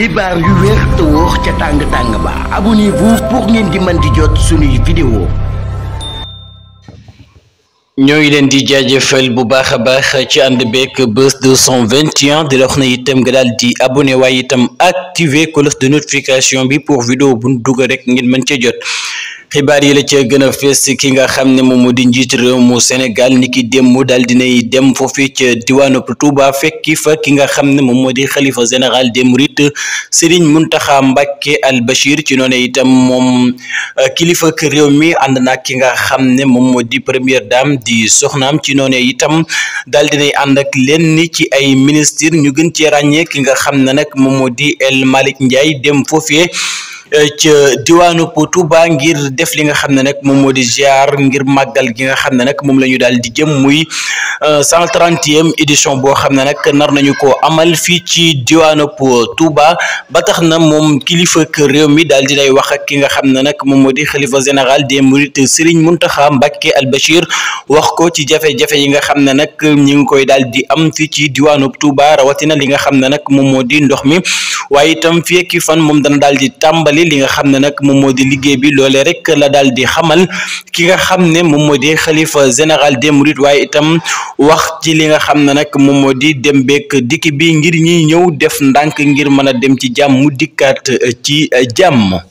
xibaar yu wér te wóor ca tàng tàng ba abonnez pour ngeen di mën di jot suñuy vidéo ñoo ngi leen di jaajëfal bu baax a baax ci ànd beeg Buzz 221 di la wax itam nga daal di abonné waaye itam activer cloche de notification bi pour vidéo bu ñu dugal rek ngeen mën cee jot. xibaar yi la ca gën a fees ki nga xam ne moom moo di njiit réew mu Sénégal niki démb daal dinay dem foofee ci diwaanu Touba fekki fa ki nga xam ne moom moo di xalifa général des Mourides Serigne Mountakha Mbacké Al Bachir ci noonu itam moom euh, kilifa kër réew mi na ki nga xam ne moom moo di première dame di soxnaam ci noonu itam daal dinay ànd ak lenn ci ay ministre ñu gën cee ràññee ki nga xam ne nag moom moo di El Malick Ndiaye dem foofee Eh, ca diwaanu Touba ngir def li nga xam ne nag moom moo di ziar ngir màggal gi nga xam ne nag moom la ñu daal di jëm muy eh, cent trentième édition boo xam ne nag nar nañu ko amal fii ci diwaanu Touba ba tax na moom kilifa kër réew mi daal di lay wax ak ki nga xam ne nag moom moo di xalifa général des mourides Serigne Mountakha Mbacké Al Bachir wax ko ci jafe-jafe yi nga xam ne nag ñu ngi koy daal di am fii ci diwaanu Touba rawatina li nga xam ne nag moom moo di ndox mi waaye itam fii ak fan moom dana daal di tàmbali. li nga xam ne nag moom moo di liggéey bi loolee rek la daal di xamal ki nga xam ne moom moo di xalifa général des mourides waaye itam wax ci li nga xam ne nag moom di dem bekk dikk bi ngir ñiy ñëw def ndànk ngir mën a dem ci jàmm mu dikkaat ci jàmm